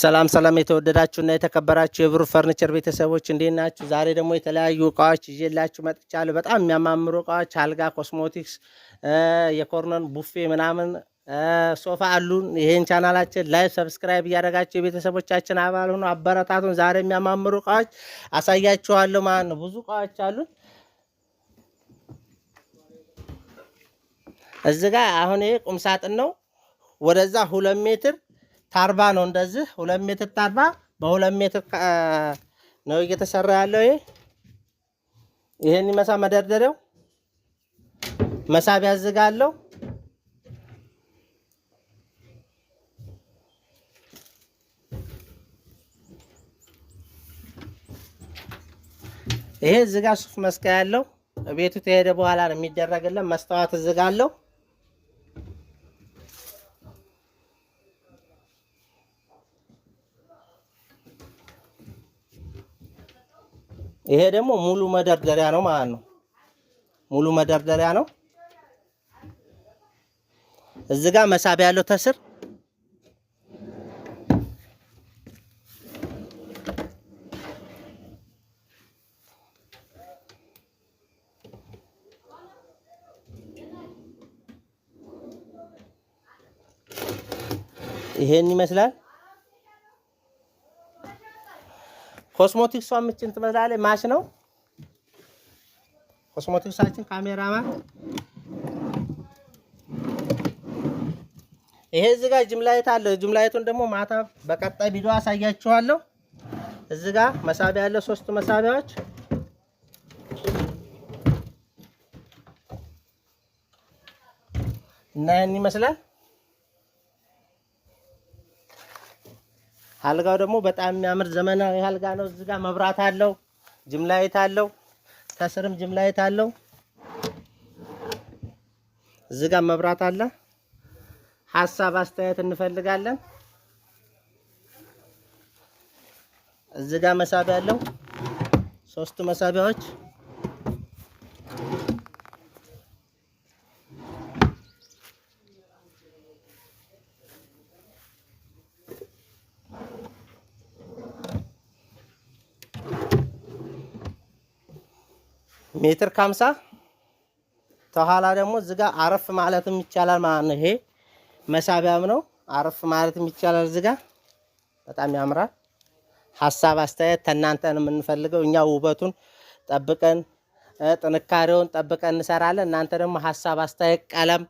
ሰላም ሰላም የተወደዳችሁ እና የተከበራችሁ የብሩ ፈርኒቸር ቤተሰቦች እንዴት ናችሁ? ዛሬ ደግሞ የተለያዩ እቃዎች ይዤላችሁ መጥቻለሁ። በጣም የሚያማምሩ እቃዎች አልጋ፣ ኮስሞቲክስ፣ የኮርነር ቡፌ ምናምን ሶፋ አሉን። ይህን ቻናላችን ላይክ፣ ሰብስክራይብ እያደረጋችሁ የቤተሰቦቻችን አባል ሆኖ አበረታቱን። ዛሬ የሚያማምሩ እቃዎች አሳያችኋለሁ ማለት ነው። ብዙ እቃዎች አሉን። እዚ ጋ አሁን ይሄ ቁምሳጥን ነው። ወደዛ ሁለት ሜትር ታርባ ነው እንደዚህ ሁለት ሜትር ታርባ በሁለት ሜትር ነው እየተሰራ ያለው። ይሄ ይሄን መሳ መደርደሪያው መሳቢያ ያዝጋለው። ይሄ እዚህ ሱፍ መስቀያ ያለው ቤቱ ተሄደ በኋላ ነው የሚደረግለን። መስታወት እዚህ ጋ አለው። ይሄ ደግሞ ሙሉ መደርደሪያ ነው ማለት ነው። ሙሉ መደርደሪያ ነው። እዚህ ጋር መሳቢያ ያለው ተስር ይሄን ይመስላል። ኮስሞቲክሷ ምችን ትመስላለች። ማሽ ነው ኮስሞቲክሳችን። ካሜራማን ይሄ እዚህ ጋር ጅምላየት አለ። ጅምላየቱን ደግሞ ማታ በቀጣይ ቪዲዮ አሳያችኋለሁ። እዚህ ጋር መሳቢያ አለ፣ ሶስት መሳቢያዎች እና ይህን ይመስላል። አልጋው ደግሞ በጣም የሚያምር ዘመናዊ አልጋ ነው። እዚህ ጋር መብራት አለው፣ ጅምላ ቤት አለው፣ ከስርም ጅምላ ቤት አለው። እዚህ ጋር መብራት አለ። ሀሳብ አስተያየት እንፈልጋለን። እዚህ ጋር መሳቢያ አለው፣ ሶስት መሳቢያዎች ሜትር ካምሳ ተኋላ ደግሞ እዚጋ አረፍ ማለትም ይቻላል ማለት ነው። ይሄ መሳቢያም ነው፣ አረፍ ማለትም ይቻላል። እዚጋ በጣም ያምራል። ሀሳብ አስተያየት ከእናንተን የምንፈልገው እኛ ውበቱን ጠብቀን ጥንካሬውን ጠብቀን እንሰራለን። እናንተ ደግሞ ሀሳብ አስተያየት፣ ቀለም፣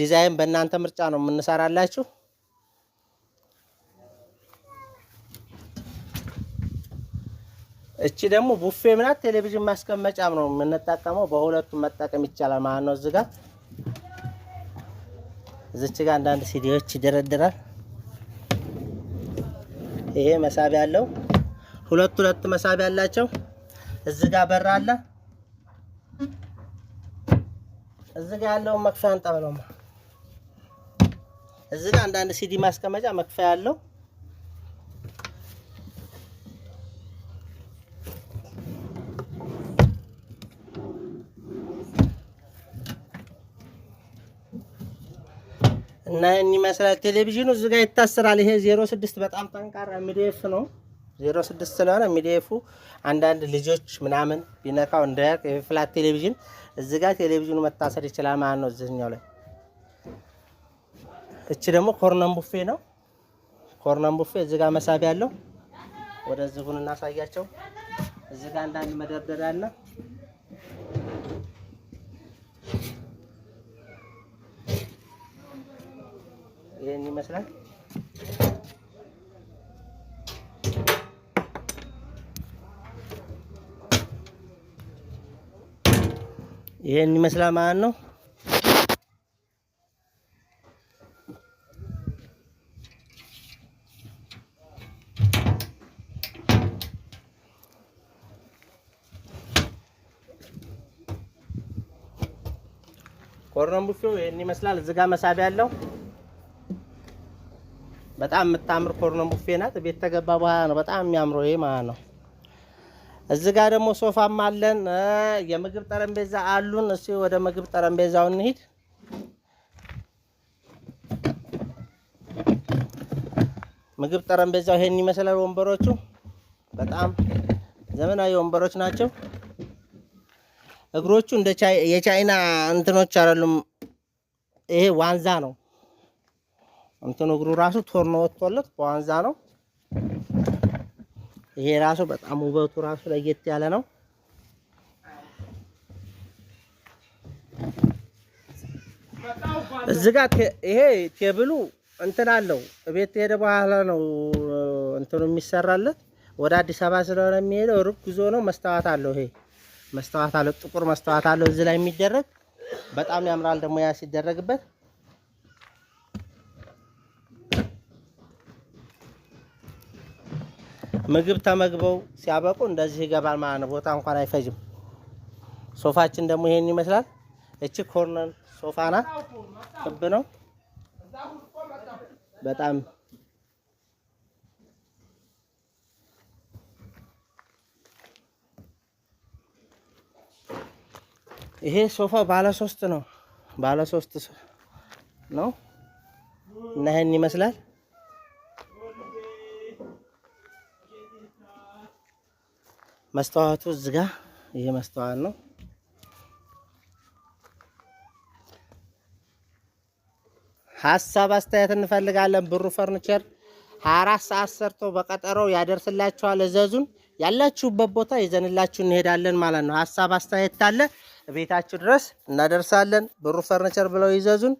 ዲዛይን በእናንተ ምርጫ ነው የምንሰራላችሁ። እቺ ደግሞ ቡፌ ምናት ቴሌቪዥን ማስቀመጫም ነው የምንጠቀመው። በሁለቱም መጠቀም ይቻላል ማለት ነው። እዚህ ጋር እዚች ጋር አንዳንድ ሲዲዎች ይደረድራል። ይሄ መሳቢያ አለው። ሁለት ሁለት መሳቢያ አላቸው። እዚህ ጋር በር አለ። እዚጋ ጋር ያለውን መክፈያ እንጠብለውማ። እዚህ ጋር አንዳንድ ሲዲ ማስቀመጫ መክፈያ አለው። እና ይመስላል ቴሌቪዥኑ እዚህ ጋር ይታሰራል። ይሄ ዜሮ ስድስት በጣም ጠንካራ ሚዲኤፍ ነው። ዜሮ ስድስት ስለሆነ ሚዲኤፉ አንዳንድ ልጆች ምናምን ቢነካው እንዳያቅ የፍላት ቴሌቪዥን እዚህ ጋር ቴሌቪዥኑ መታሰር ይችላል ማለት ነው። እዚህኛው ላይ እቺ ደግሞ ኮርነን ቡፌ ነው። ኮርነን ቡፌ እዚህ ጋር መሳቢያ አለው። ወደዚህ ሁን እናሳያቸው። እዚህ ጋር አንዳንድ መደርደሪያ አለ። ይህን ይመስላል። ይህን ይመስላል ማለት ነው። ኮረምቡሾ ይህን ይመስላል። እዚህ ጋ መሳቢያ አለው። በጣም የምታምር ኮርነ ቡፌ ናት። ቤት ተገባ በኋላ ነው በጣም የሚያምረው ይሄ ማለት ነው። እዚህ ጋር ደግሞ ሶፋም አለን። የምግብ ጠረጴዛ አሉን። እሺ ወደ ምግብ ጠረጴዛው እንሂድ። ምግብ ጠረጴዛው ይሄን ይመስላል። ወንበሮቹ በጣም ዘመናዊ ወንበሮች ናቸው። እግሮቹ እንደ የቻይና እንትኖች አይደሉም። ይሄ ዋንዛ ነው። እንትኑ እግሩ ራሱ ቶርኖ ወጥቶለት በዋንዛ ነው። ይሄ ራሱ በጣም ውበቱ ራሱ ለየት ያለ ነው። እዚህ ጋር ይሄ ቴብሉ እንትን አለው እቤት ሄደ በኋላ ነው እንትኑ የሚሰራለት። ወደ አዲስ አበባ ስለሆነ የሚሄደው ሩቅ ጉዞ ነው። መስታወት አለው። ይሄ መስታወት አለው፣ ጥቁር መስታወት አለው እዚህ ላይ የሚደረግ በጣም ያምራል ደግሞ ያ ሲደረግበት ምግብ ተመግበው ሲያበቁ እንደዚህ ይገባል ማለት ነው። ቦታ እንኳን አይፈጅም። ሶፋችን ደግሞ ይሄን ይመስላል። እቺ ኮርነር ሶፋና ክብ ነው። በጣም ይሄ ሶፋ ባለ ሶስት ነው። ባለ ሶስት ነው እና ይሄን ይመስላል። መስተዋቱ እዚህ ጋር ይሄ መስተዋት ነው። ሀሳብ አስተያየት እንፈልጋለን። ብሩ ፈርኒቸር 24 ሰዓት ሰርቶ በቀጠሮው ያደርስላችኋል። እዘዙን። ያላችሁበት ቦታ ይዘንላችሁ እንሄዳለን ማለት ነው። ሀሳብ አስተያየት ካለ ቤታችሁ ድረስ እናደርሳለን። ብሩ ፈርኒቸር ብለው ይዘዙን።